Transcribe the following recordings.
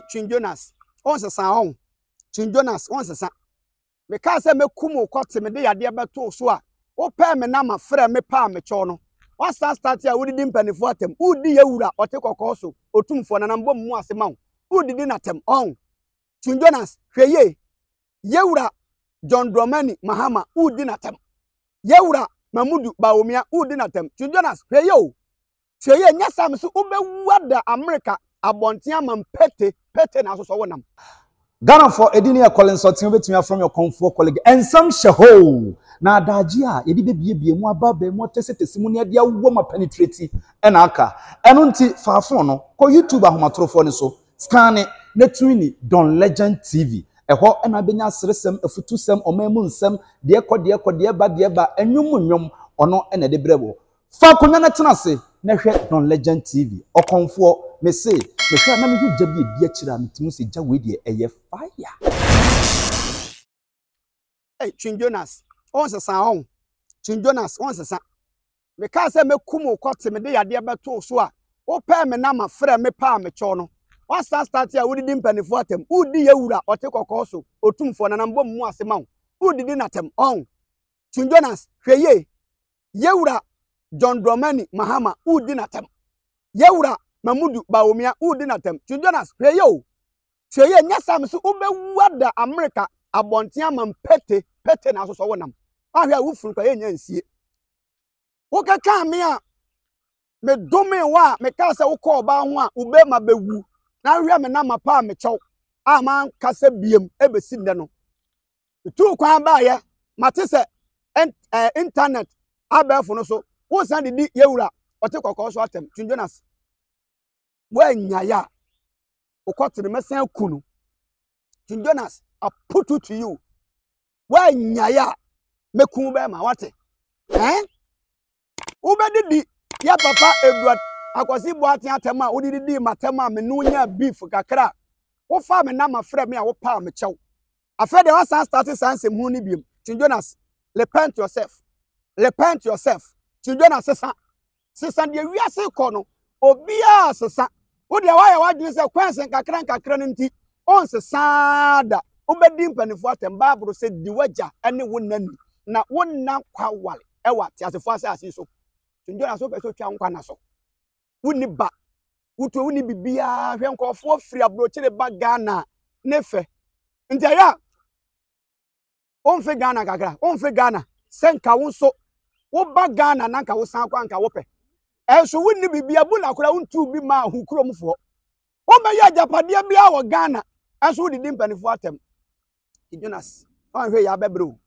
twin jonas wọn sesa wọn twin jonas wọn sesa mekaa sɛ mekum wo kɔte mede yadeɛ bɛtoo so a wopɛɛ me nama frɛ me paa mekyɛw no wasa start a wodidi mpanimfoɔ atɛm wodi yɛ wura ɔte kɔkɔɔ so otumfoɔ nanam bɔ mu ase ma wo wodidi natɛm ɔn twin jonas hwɛ yie yɛwura john dromani mahama wodi natɛm yɛwura mamudu bawomia wodi natɛm twin jonas hwɛ yie o hwɛ yie nyɛ sam so wobɛwu ada amerika abɔnten ama mpete pete na asosɔ wɔ nam. ghanafoɔ ɛdi ne yɛ kɔle nsɔten wobɛtumi afrɔm yɛ kɔnfoɔ kɔle ɛnsɛm hyɛ hoo na adagye a yɛde bɛbiebie mu aba baa mu atɛsɛtɛsi mu ne yɛde awɔ ma penetrati ɛna aka ɛno nti faafo no kɔ youtube ahomatorofoɔ no so scan ne tumi ni don legend tv ɛhɔ ɛna abɛnya aseresɛm afutusɛm ɔman mu nsɛm deɛ kɔ deɛ kɔ deɛ ba deɛ ba ɛnwom nnwom ɔno ɛna ɛde brɛ wɔ fa akonnwa no tena ase na hwɛ don legend tv ɔkɔnfoɔ Me say me a na mehu gya bi edi akyire a metumi sɛ gya wei deɛ ɛyɛ fire. ɛ twin jonas ɔn sesa ɔn twin jonas ɔn sesa mekaa sɛ mekum wo de mede yadeɛ bɛtoo so a wopɛɛ me nama frɛ me paa mekyɛw no wasastate a wodidi mpanimfoɔ atɛm wodi yɛ wura ɔte kɔkɔɔ so ɔtumfoɔ nanam bɔ mu ase ma wo wodidi natɛm ɔn twin jonas hwɛ yie yɛwura john dramani mahama wodi natɛm yɛwura mamudu bawomia wodi natam childrenas hwɛ yɛ o hwɛ yɛ nyɛ sam so wobɛwu ada amerika abɔnten ama mpete pete na asosɔ wonam ahwɛ a wofuru kɔ yɛ nyɛ nsie wokeka me a medome wo a mekaa sɛ wokɔ ɔbaa ho a ube bɛwu na ahwɛ me nama pa a mekyɛw a mankasa biem ebesi nnɛ no metuu kwan baayɛ mate sɛ eh, internet abɛɛfo no so wosan didi yɛwura ɔte kɔkɔɔ so atɛm twindwonas wɔanyaya wokɔtene mɛsan aku no king jonas i put it to you wɔanyaya mɛku bɛɛ ma wate ɛn eh? wobɛdidi yɛ papa edward akwasi buate atɛm a wodidi di ma atɛm a menu nya beef kakra wofa me nama frɛ me a wopaa me kyɛw afɛ deɛ wasan starte saa nsɛm ho no biom king jonas repent yourself repent yourself king jonas sesa sesa deɛ wiase kɔ no obiara sesa wodeɛ wayɛ w'adwene sɛ kwɛnse nkakra nkakra no nti saa da wobɛdi mpanimfoɔ atɛm baaboro sɛ di wagya ne wo na nu na wo nna kwawale ɛwɔ teasefoɔ ase so tondwo na so wopɛ sɛ wotwa nkwa na so wonni ba wotuo wonni biribiaa hwɛ nkɔɔfoɔ firi aburokyere ba ghana ne fɛ nti ɛyɛ a wɔmfe ghana kakra wɔmfe ghana sɛ nka wo nso woba ghana na nka wo san kɔ anka wopɛ ɛnso wonni biribia bu nakora wontu bi ma ho kuromfoɔ wobɛyɛ agyapadeɛ biara wɔ ghana ɛnso wodidi mpanimfoɔ atɛm jonas wanhwɛ yɛ abɛbrɛ o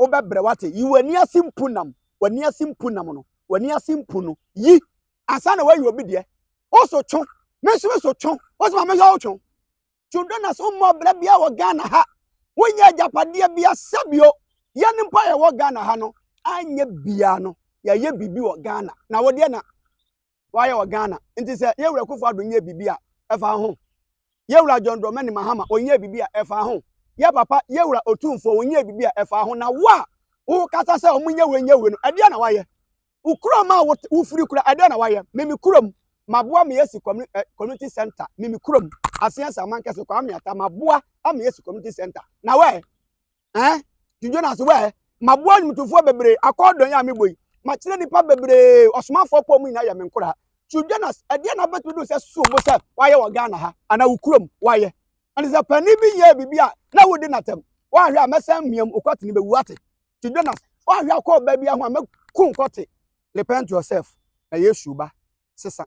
wobɛbrɛ wate yi w'ani ase mpu nam w'ani ase mpu nam no w'ani ase mpu no yi ansa na wayi obi deɛ ɔso two ne nso so two ɔso ma mɛyɛ ɔtwo two jonas ɔmmɔ brɛ biara wɔ ghana ha wonyɛ agyapadeɛ biara sɛbio yɛ ne mpa yɛwɔ ghana ha no anyɛ biara no yɛyɛ bibi wɔ ghana na wɔdeɛ na wayɛ wɔ ghana nti sɛ yɛwura kofo ado nyɛ biribi a ɛfa ho yɛwura john dramani mahama onyɛ biribi a ɛfa ho yɛ papa yɛwura otumfoɔ onyɛ biribi a ɛfa ho na wo a wokasa sɛ ɔmo nyɛ wei nyɛ wei no ɛdeɛ na wayɛ wo kurom a wofiri kura ɛdeɛ na wayɛ mimi kurom maboa mi yɛsi eh, community center mimi kurom aseɛ sɛ aman kɛse kwa miata maboa ama yɛsi community center na wɛ ɛn tuntun na se wɛ maboa nyumutufoɔ bebree akɔɔdɔn yɛ a mi makyerɛ nipa bebree ɔsomafoɔ pɔ mu nyinaa yɛ me nkora twudwa na ɛdeɛ na bɛtumi do sɛ so bo sɛ wayɛ wɔ ghana ha anaa wo wayɛ ɛne sɛ panin bi yɛ biribi a na wodi n'atam wahwɛ a mɛsɛn mmiam okɔte ne bɛwu ate twudwa na wahwɛ akɔ ɔbaa bi aho a repent yourself na yesu ba sisan.